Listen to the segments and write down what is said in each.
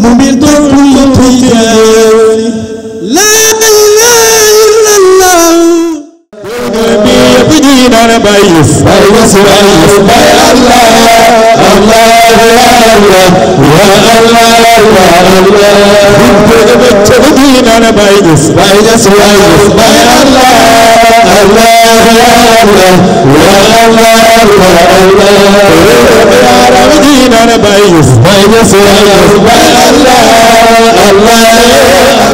ممن طول التجاري dara Baye Yus Baye Yus Baye Yus Baye Allah Allah Allah ya Allah ya Allah binte ga bacce budi dara Baye Yus Baye Yus Baye Yus Baye Allah Allah ya Allah ya Allah ya Allah yara budi dara Baye Yus Baye Yus Baye Yus Baye Allah Allah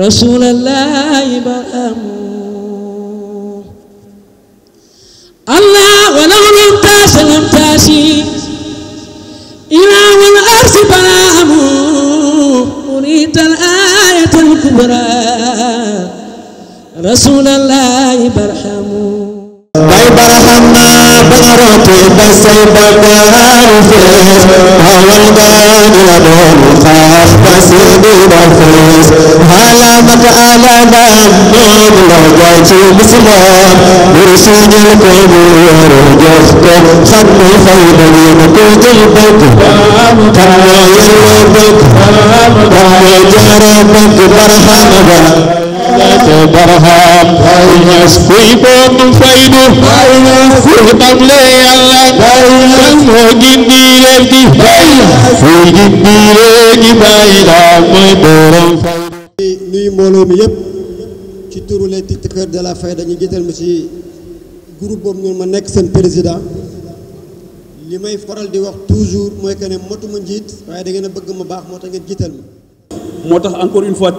rasuulallahi baramu allah wala wala taasi lam taasi ilaa wal arsi baramu muriital aayatal kubraa rasuulallahi baramu bay baraxam na بدرت بس بكار فيس هاول قاد لدون خاف بس ببرفيس هايا بك على دمود لغايت بسلام برسول القبور جفت ختم خيبني بكوت البك كم يلبك كم جربك برحمة برهان بينس ويبون فيدو di encore une fois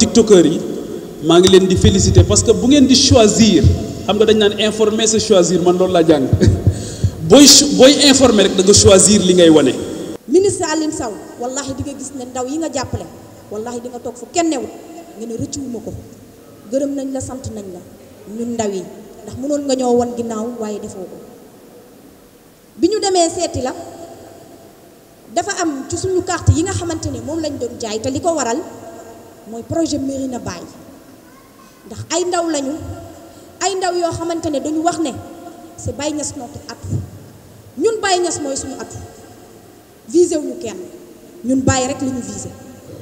maa ngi leen di félicité parce que bu ngeen di choisir xam nga dañ naan informer c'est choisir man doon laa jàng booy booy informer rek da choisir li ngay wane. ministre Alioune saw wallaahi di nga gis ne ndaw yi nga jàppale wallaahi di nga toog fu kenn newul nga ne rëccuwuma ko gërëm nañ la sant nañ la ñun ndaw yi ndax mënoon nga ñëw won ginnaaw waaye defoo ko bi ñu demee seeti la dafa am ci suñu carte yi nga xamante ne moom lañ doon jaay te li ko waral mooy projet Médina Baye. ndax ay ndaw lañu ay ndaw yoo xamante ne dañu wax ne c'est Baye Niass notre atout ñun Baye Niass mooy suñu atout visé wuñu kenn ñun Baye rek li ñu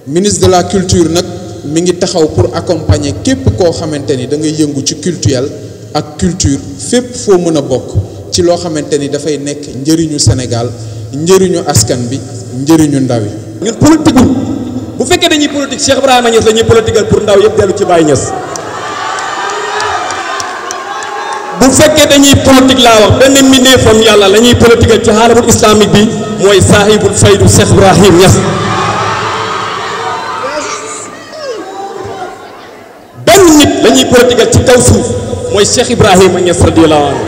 ministre de la culture nag mi ngi taxaw pour accompagner képp koo xamante ni da ngay yëngu ci culturel ak culture fépp foo mën a bokk ci loo xamante ni dafay nekk njëriñu Sénégal njëriñu askan bi njëriñu ndaw yi. ñun politique bu fekkee dañuy politique Cheikh Ibrahima Niass la ñuy pour ndaw yëpp dellu ci bu fekkee dañuy politique laa wax benn mbindeefam yàlla la ñuy politique ci xaalabul islamique bi mooy saahibul faydu Cheikh Ibrahim Niass benn nit lañuy ñuy politique ci kaw suuf mooy Cheikh Ibrahima Niass radiyallahu anhu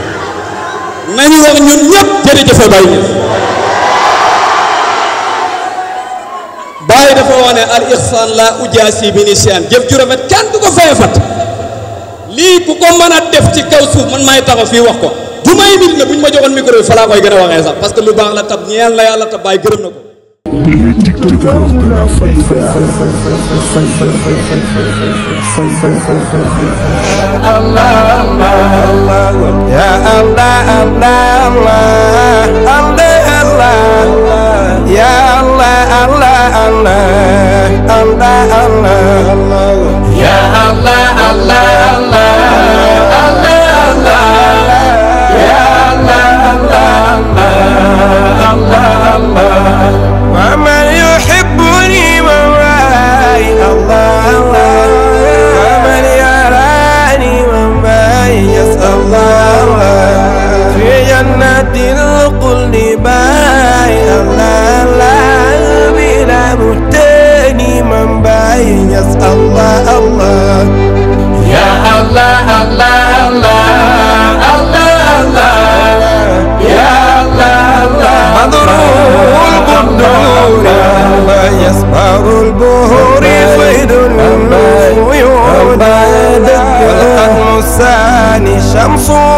nañu wax ñun ñëpp jërëjëfe Baye Niass dafa wax ne al ihsan la ujaasi bi jëf ju kenn du ko fay fat li ku ko meuna def ci kaw suuf man may taxaw fi wax ko du may nit ne buñ ma joxoon micro bi fa laa koy gëna waxe sax parce que lu baax la tab ñeel la yalla tab bay gëreem nako Allah Allah ya Allah Allah Allah Allah Allah ya Allah Allah Allah Allah Allah so